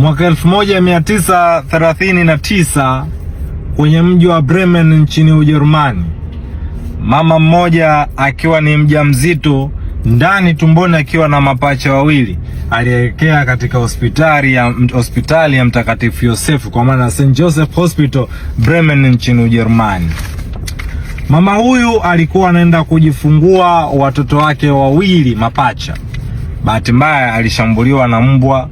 Mwaka 1939 kwenye mji wa Bremen nchini Ujerumani, mama mmoja akiwa ni mjamzito ndani tumboni akiwa na mapacha wawili alielekea katika hospitali ya, hospitali ya Mtakatifu Yosefu kwa maana St Joseph Hospital Bremen nchini Ujerumani. Mama huyu alikuwa anaenda kujifungua watoto wake wawili mapacha. Bahati mbaya alishambuliwa na mbwa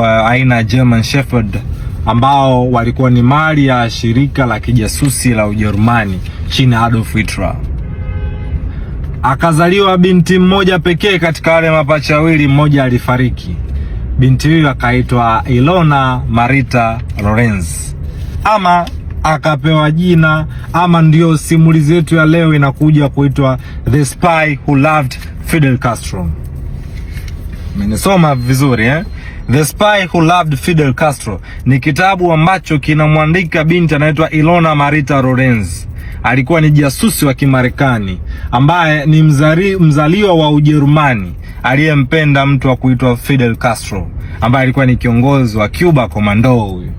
aina ya German Shepherd ambao walikuwa ni mali ya shirika la kijasusi la Ujerumani chini ya Adolf Hitler. Akazaliwa binti mmoja pekee katika wale mapacha wawili, mmoja alifariki. Binti huyo akaitwa Ilona Marita Lorenz ama akapewa jina ama ndiyo simulizi yetu ya leo inakuja kuitwa The Spy Who Loved Fidel Castro. Menisoma vizuri eh? The Spy Who Loved Fidel Castro ni kitabu ambacho kinamwandika binti anaitwa Ilona Marita Lorenz. Alikuwa ni jasusi wa Kimarekani ambaye ni mzali, mzaliwa wa Ujerumani aliyempenda mtu wa kuitwa Fidel Castro ambaye alikuwa ni kiongozi wa Cuba komando huyu.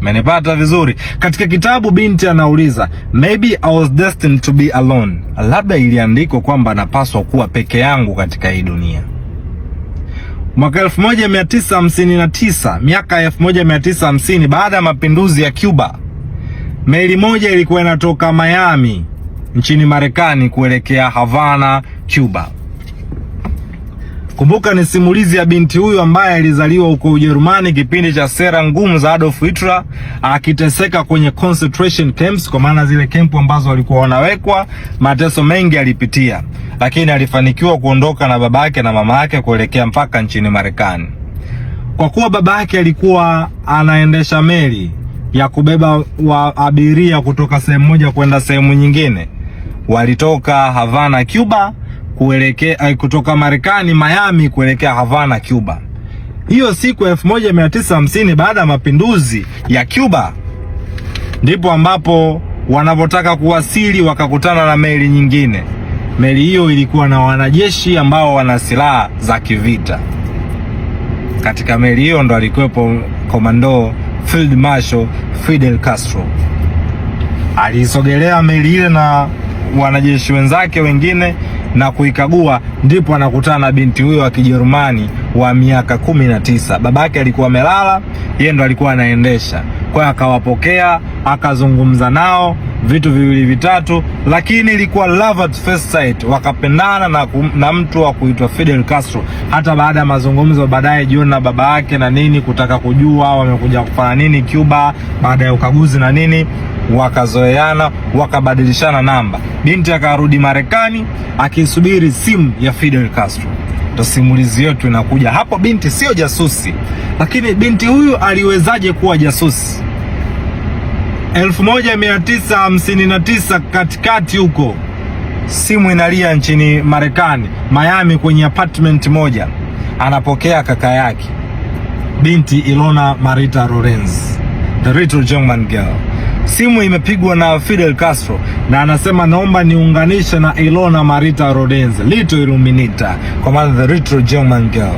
Menipata vizuri. Katika kitabu binti anauliza, maybe I was destined to be alone. Labda iliandikwa kwamba napaswa kuwa peke yangu katika hii dunia. Mwaka 1959 miaka ya 1950 baada ya mapinduzi ya Cuba, meli moja ilikuwa inatoka Miami nchini Marekani kuelekea Havana, Cuba. Kumbuka ni simulizi ya binti huyu ambaye alizaliwa huko Ujerumani kipindi cha sera ngumu za Adolf Hitler, akiteseka kwenye concentration camps, kwa maana zile kempu ambazo walikuwa wanawekwa. Mateso mengi alipitia, lakini alifanikiwa kuondoka na baba yake na mama yake kuelekea mpaka nchini Marekani. Kwa kuwa baba yake alikuwa anaendesha meli ya kubeba wa abiria kutoka sehemu moja kwenda sehemu nyingine, walitoka Havana, Cuba kuelekea eh, kutoka Marekani Miami kuelekea Havana Cuba. Hiyo siku ya 1950 baada ya mapinduzi ya Cuba ndipo ambapo wanavyotaka kuwasili wakakutana na meli nyingine. Meli hiyo ilikuwa na wanajeshi ambao wana silaha za kivita. Katika meli hiyo ndo alikuwepo komando Field Marshal Fidel Castro. Aliisogelea meli ile na wanajeshi wenzake wengine na kuikagua, ndipo anakutana na binti huyo wa Kijerumani wa miaka kumi na tisa. Babake alikuwa amelala, yeye ndo alikuwa anaendesha, kwa akawapokea akazungumza nao vitu viwili vitatu, lakini ilikuwa love at first sight, wakapendana na, na mtu wa kuitwa Fidel Castro. Hata baada ya mazungumzo baadaye John na baba yake na nini kutaka kujua wamekuja kufanya nini Cuba, baada ya ukaguzi na nini wakazoeana wakabadilishana namba. Binti akarudi Marekani akisubiri simu ya Fidel Castro. Ndo simulizi yetu inakuja hapo. Binti sio jasusi, lakini binti huyu aliwezaje kuwa jasusi? 1959 katikati huko, simu inalia nchini Marekani, Miami, kwenye apartment moja. Anapokea kaka yake binti Ilona Marita Lorenz, the little German girl. Simu imepigwa na Fidel Castro na anasema naomba niunganishe na Ilona Marita Lorenz, little Illuminita, kwa maana the little German girl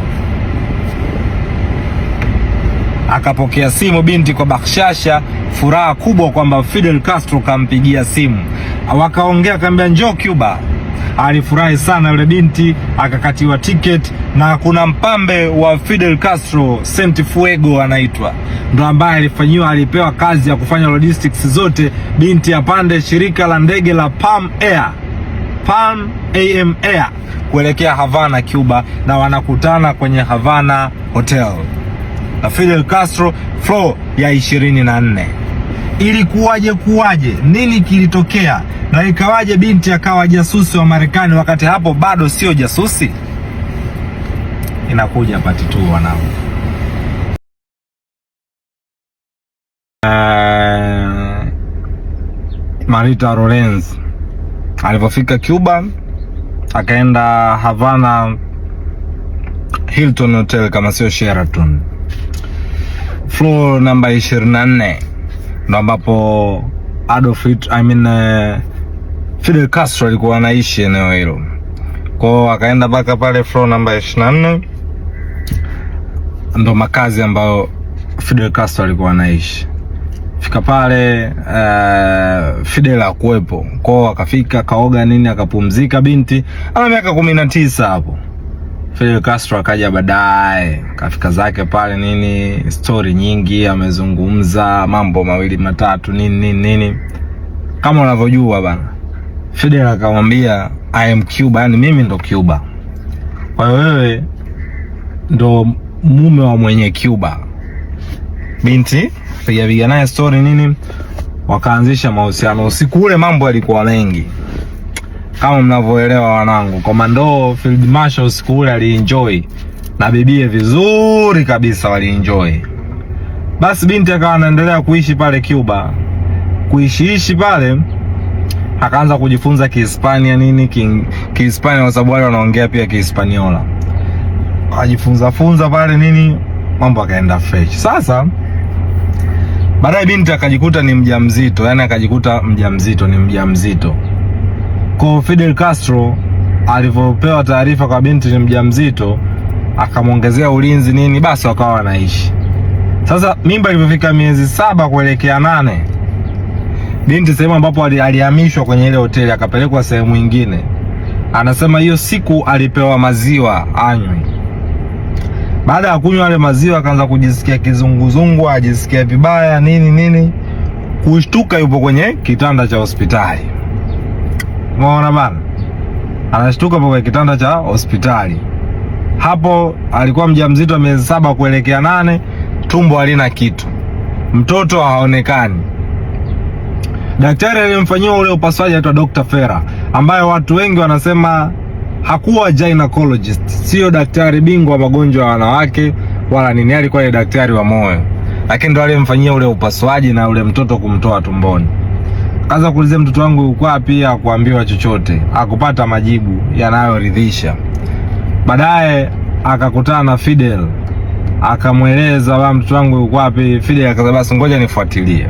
akapokea simu binti kwa bakshasha, furaha kubwa kwamba Fidel Castro kampigia simu, wakaongea, kambia njoo Cuba. Alifurahi sana yule binti, akakatiwa tiketi, na kuna mpambe wa Fidel Castro fuego anaitwa ndo ambaye alifanyiwa, alipewa kazi ya kufanya logistics zote, binti apande shirika la ndege la Palm Air, Palm AM Air kuelekea Havana Cuba, na wanakutana kwenye Havana Hotel na Fidel Castro floor ya 24. Ilikuwaje? Kuwaje? Nini kilitokea na ikawaje binti akawa jasusi wa Marekani wakati hapo bado sio jasusi? Inakuja pati tu wanangu. Uh, Marita Lorenz alipofika Cuba akaenda Havana Hilton Hotel kama sio Sheraton floor namba 24 ndo ambapo Adolf I mean, uh, Fidel Castro alikuwa anaishi eneo hilo. hiyo akaenda mpaka pale floor namba 24 ndo makazi ambayo Fidel Castro alikuwa anaishi. Fika pale uh, Fidel hakuwepo kwao, akafika akaoga nini, akapumzika. Binti ana miaka kumi hapo. Fidel Castro akaja baadaye, kafika zake pale nini, stori nyingi amezungumza, mambo mawili matatu nini nini nini, kama unavyojua bana. Fidel akamwambia I am Cuba, yani mimi ndo Cuba, kwa hiyo wewe ndo mume wa mwenye Cuba. Binti pigapiga naye stori nini, wakaanzisha mahusiano. Usiku ule mambo yalikuwa mengi kama mnavyoelewa wanangu, Komando Field Marshal siku ule alienjoy na bibie vizuri kabisa, walienjoy. Basi binti akawa anaendelea kuishi pale Cuba, kuishiishi pale akaanza kujifunza Kihispania nini Kihispania kwa sababu wale wanaongea pia Kihispaniola, akajifunza funza pale nini, mambo akaenda fresh. Sasa baadaye binti akajikuta ni mjamzito, yani akajikuta mjamzito, ni mjamzito kwa Fidel Castro alivyopewa taarifa kwa binti ni mjamzito, akamwongezea ulinzi nini, basi wakawa wanaishi. Sasa mimba ilivyofika miezi saba kuelekea nane, binti sehemu ambapo alihamishwa kwenye ile hoteli akapelekwa sehemu nyingine. Anasema hiyo siku alipewa maziwa anywe. Baada ya kunywa yale maziwa, akaanza kujisikia kizunguzungu, ajisikia vibaya nini nini, kushtuka yupo kwenye kitanda cha hospitali. Umeona bana, anashtuka hapo kwa kitanda cha hospitali. Hapo alikuwa mjamzito wa miezi saba kuelekea nane, tumbo halina kitu, mtoto haonekani. Daktari aliyemfanyia ule upasuaji anaitwa Dr. Fera, ambaye watu wengi wanasema hakuwa gynecologist, sio daktari bingwa wa magonjwa ya wanawake wala nini, alikuwa ni daktari wa moyo, lakini ndo aliyemfanyia ule upasuaji na ule mtoto kumtoa tumboni. Kaanza kuulizia mtoto wangu yuko wapi, hakuambiwa chochote, akupata majibu yanayoridhisha. Baadaye akakutana na Fidel, akamweleza baba, mtoto wangu yuko wapi? Fidel akasema basi ngoja nifuatilie.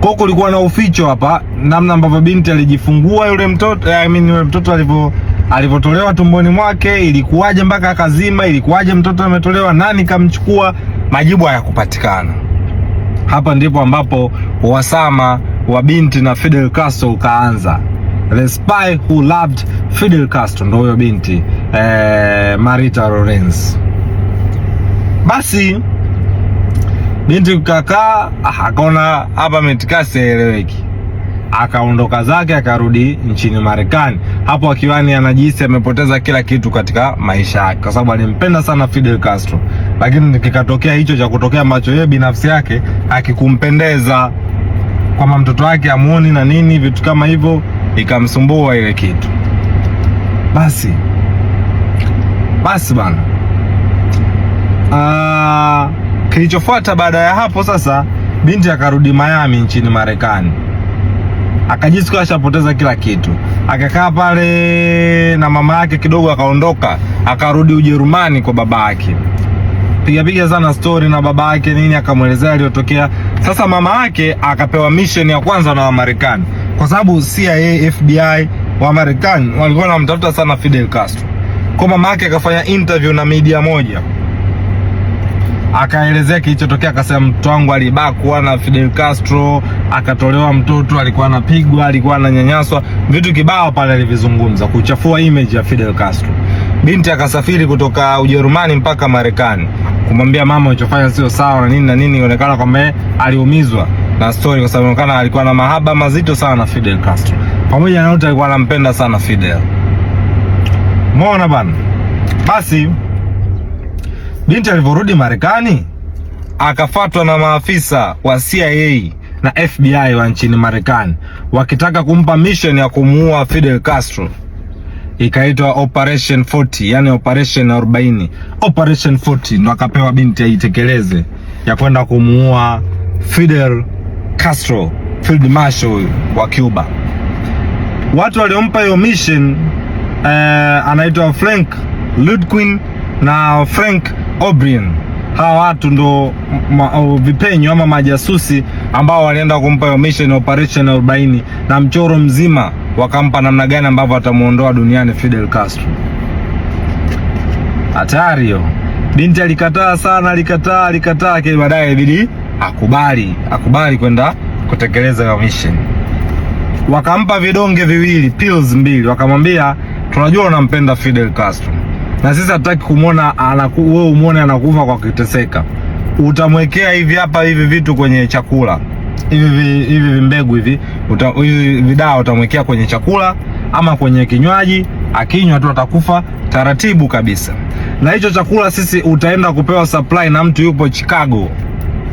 Kwa kulikuwa na uficho hapa, namna ambavyo binti alijifungua yule mtoto, eh, I mean yule mtoto alipo alipotolewa tumboni mwake, ilikuwaje mpaka akazima, ilikuwaje mtoto ametolewa, nani kamchukua? Majibu hayakupatikana. Hapa ndipo ambapo Wasama wa binti na Fidel Castro ukaanza. The Spy Who Loved Fidel Castro, ndo huyo binti eh, Marita Lorenz. Basi binti kakaa ah, akaona hapa kasi haeleweki, akaondoka zake akarudi nchini Marekani. Hapo akiwani anajihisi amepoteza kila kitu katika maisha yake, kwa sababu alimpenda sana Fidel Castro, lakini kikatokea hicho cha kutokea ambacho yeye binafsi yake akikumpendeza kwamba mtoto wake amuoni na nini, vitu kama hivyo, ikamsumbua ile kitu. Basi basi bana, ah, kilichofuata baada ya hapo sasa, binti akarudi Miami nchini Marekani, akajisikia ashapoteza kila kitu, akakaa pale na mama yake kidogo, akaondoka akarudi Ujerumani kwa baba yake akapigapiga sana story na baba yake nini, akamwelezea aliyotokea. Sasa mama yake akapewa mission ya kwanza na Wamarekani, kwa sababu CIA, FBI wa Marekani walikuwa wanamtafuta sana Fidel Castro. Kwa mama yake akafanya interview na media moja, akaelezea kilichotokea, akasema mtoto wangu alibakwa na Fidel Castro, akatolewa mtoto, alikuwa anapigwa, alikuwa ananyanyaswa, vitu kibao pale alivizungumza, kuchafua image ya Fidel Castro binti akasafiri kutoka Ujerumani mpaka Marekani kumwambia mama alichofanya sio sawa na nini na nini. Inaonekana kwamba aliumizwa na story, kwa sababu inaonekana alikuwa na mahaba mazito sana na Fidel Castro, pamoja na yote alikuwa anampenda sana Fidel. Umeona bana, basi binti alivyorudi Marekani akafatwa na maafisa wa CIA na FBI wa nchini Marekani wakitaka kumpa mission ya kumuua Fidel Castro ikaitwa Operation 40, yani Operation 40. Operation 40 ndo akapewa binti aitekeleze ya kwenda kumuua Fidel Castro, Field Marshal wa Cuba. Watu waliompa hiyo mission eh, anaitwa Frank Ludwig na Frank O'Brien hawa watu ndo vipenyo ama majasusi ambao walienda kumpa mission operation 40 na mchoro mzima wakampa namna gani ambavyo atamuondoa duniani Fidel Castro. Hatari hiyo. Binti alikataa sana, alikataa, alikataa, lakini baadaye ibidi akubali, akubali kwenda kutekeleza hiyo mission. Wakampa vidonge viwili, pills mbili, wakamwambia tunajua unampenda Fidel Castro na sisi hatutaki kumwona anaku, wewe umwone anakufa kwa kuteseka. Utamwekea hivi hapa hivi vitu kwenye chakula hivi hivi vimbegu hivi uta, hivi vidawa utamwekea kwenye chakula ama kwenye kinywaji, akinywa tu atakufa taratibu kabisa. Na hicho chakula sisi utaenda kupewa supply na mtu yupo Chicago,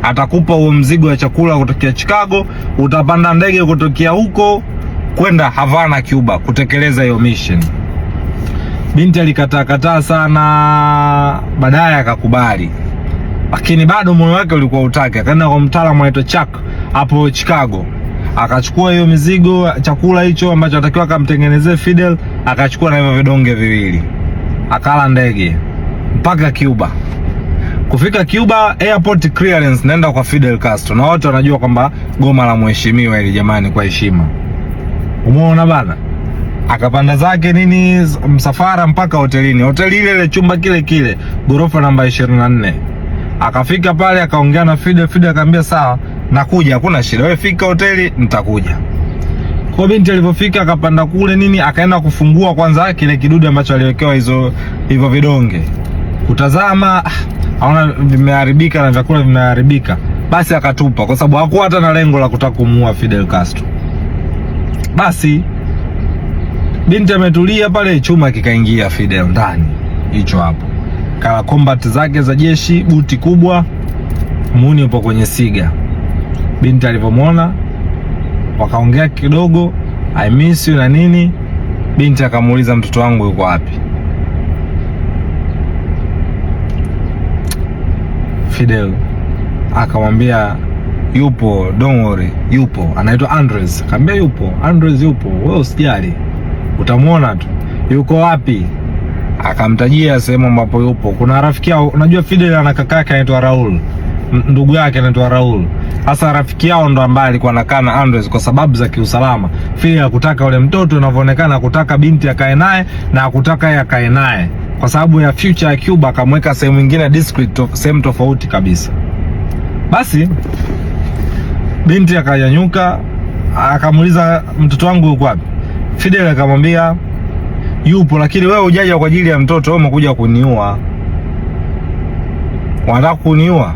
atakupa huo mzigo wa chakula kutokea Chicago, utapanda ndege kutokea huko kwenda Havana, Cuba kutekeleza hiyo mission. Binti alikataa kataa sana, baadaye akakubali, lakini bado moyo wake ulikuwa utake. Akaenda kwa mtaalamu anaitwa Chuck hapo Chicago, akachukua hiyo mizigo, chakula hicho ambacho anatakiwa akamtengenezee Fidel, akachukua na hivyo vidonge viwili, akala ndege mpaka Cuba. Kufika Cuba airport clearance, naenda kwa Fidel Castro, na watu wanajua kwamba goma la mheshimiwa ili, jamani, kwa heshima. Umeona bana akapanda zake nini msafara mpaka hotelini, hoteli ile ile, chumba kile kile, ghorofa namba 24. Akafika pale akaongea na Fide. Fide akamwambia sawa, nakuja, hakuna shida, wewe fika hoteli, nitakuja. Kwa binti alipofika akapanda kule nini, akaenda kufungua kwanza kile kidude ambacho aliwekewa hizo hivyo vidonge, kutazama ah, aona vimeharibika na vyakula vimeharibika, basi akatupa, kwa sababu hakuwa hata na lengo la kutaka kumuua Fidel Castro. Basi Binti ametulia pale, chuma kikaingia Fidel ndani, hicho hapo kala combat zake za jeshi, buti kubwa, muni upo kwenye siga. Binti alivyomwona wakaongea kidogo, I miss you na nini. Binti akamuuliza mtoto wangu yuko wapi? Fidel akamwambia yupo, don't worry, yupo. Anaitwa Andres, akamwambia yupo, Andres yupo, wewe usijali utamwona tu yuko wapi, akamtajia sehemu ambapo yupo. Kuna rafiki yao, unajua Fidel ana kaka yake anaitwa Raul, ndugu yake anaitwa Raul. Sasa rafiki yao ndo ambaye alikuwa anakaa na Andres kwa sababu za kiusalama. Fidel hakutaka yule mtoto, inavyoonekana hakutaka binti akae naye na hakutaka yeye akae naye kwa sababu ya future ya Cuba, akamweka sehemu nyingine discreet to, sehemu tofauti kabisa. Basi binti akanyanyuka akamuuliza mtoto wangu yuko wapi? Fidel akamwambia yupo, lakini wewe hujaja kwa ajili ya mtoto, wewe umekuja kuniua. Wanataka kuniua?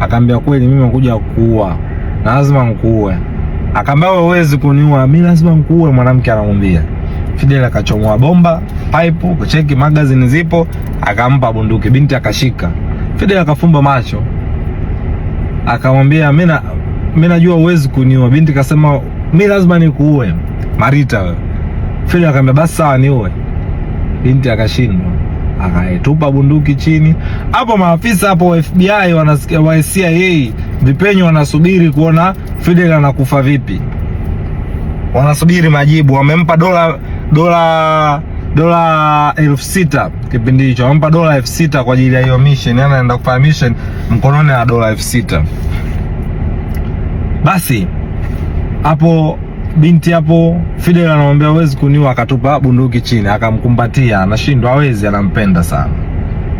Akaambia kweli, mimi nimekuja kuua na lazima nikuue. Akaambia wewe huwezi kuniua, mimi lazima nikuue, mwanamke anamwambia. Fidel akachomoa bomba pipe, kucheki magazine zipo, akampa bunduki, binti akashika. Fidel akafumba macho, akamwambia mimi najua huwezi kuniua. Binti kasema mimi lazima nikuue, Marita wewe Fili akaambia basi sawa, uwe Binti akashindwa, akaetupa bunduki chini. Hapo maafisa hapo wa FBI wanasikia, wa CIA vipenyo wanasubiri kuona Fidel anakufa vipi, wanasubiri majibu. Wamempa dola dola dola elfu sita kipindi hicho, wamempa dola elfu sita kwa ajili ya hiyo mission, yani anaenda kufanya mission mkononi na dola elfu sita. Basi hapo binti hapo Fidel anamwambia hawezi kuniua, akatupa bunduki chini, akamkumbatia, anashindwa, hawezi, anampenda sana.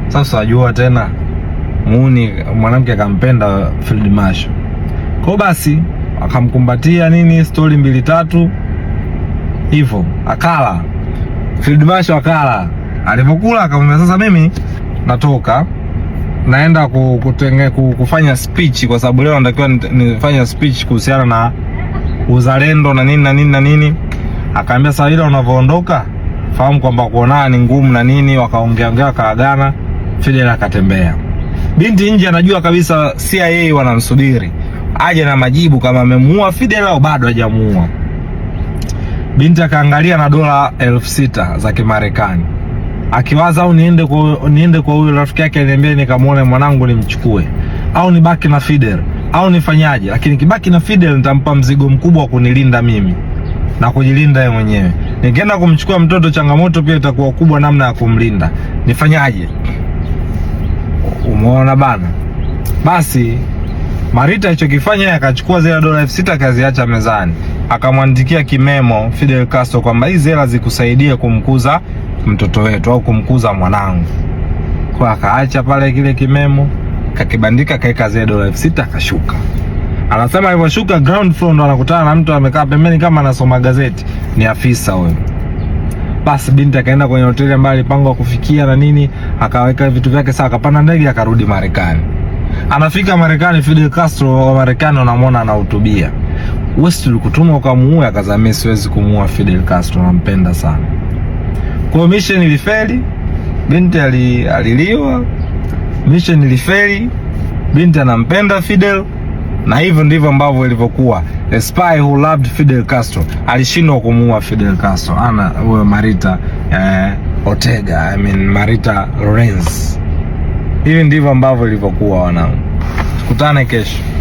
Sasa ajua tena muuni mwanamke akampenda Field Marshal. Kwa basi akamkumbatia nini, stori mbili tatu hivyo, akala Field Marshal akala. Alipokula akamwambia sasa, mimi natoka naenda kutenge, kufanya speech kwa sababu leo natakiwa nifanya speech kuhusiana na uzalendo na nini na nini na nini. Akaambia sasa, ile unavyoondoka fahamu kwamba kuonana ni ngumu na nini. wakaongea ongea, wakaagana, Fidel akatembea. Binti nje anajua kabisa CIA wanamsubiri aje na majibu kama amemuua Fidel au bado hajamuua. Binti akaangalia na dola elfu sita za Kimarekani akiwaza au niende kwa niende kwa huyo rafiki yake aliniambia nikamwone mwanangu nimchukue au nibaki na Fidel au nifanyaje? Lakini kibaki na Fidel nitampa mzigo mkubwa wa kunilinda mimi na kujilinda yeye mwenyewe. Nikienda kumchukua mtoto, changamoto pia itakuwa kubwa namna ya kumlinda. Nifanyaje? Umeona bana. Basi Marita alichokifanya akachukua zile dola elfu sita akaziacha mezani, akamwandikia kimemo Fidel Castro kwamba hizi hela zikusaidie kumkuza mtoto wetu au kumkuza mwanangu, kwa akaacha pale kile kimemo kakibandika kaeka zile dola elfu sita akashuka. Anasema alivyoshuka ground floor ndo anakutana na mtu amekaa pembeni kama anasoma gazeti, ni afisa huyo. Basi binti akaenda kwenye hoteli ambayo alipangwa kufikia na nini, akaweka vitu vyake sawa, akapanda ndege akarudi Marekani. Anafika Marekani, Fidel Castro wa Marekani unamwona anahutubia. West ulikutuma ukamuue? Akazamia, siwezi kumuua Fidel Castro, nampenda sana. Kwa mission ilifeli, binti aliliwa ali mission ilifeli, binti anampenda Fidel, na hivyo ndivyo ambavyo ilivyokuwa. The spy who loved Fidel Castro alishindwa kumuua Fidel Castro, ana huyo Marita eh, Ortega, I mean Marita Lorenz. Hivi ndivyo ambavyo ilivyokuwa, wanangu. Tukutane kesho.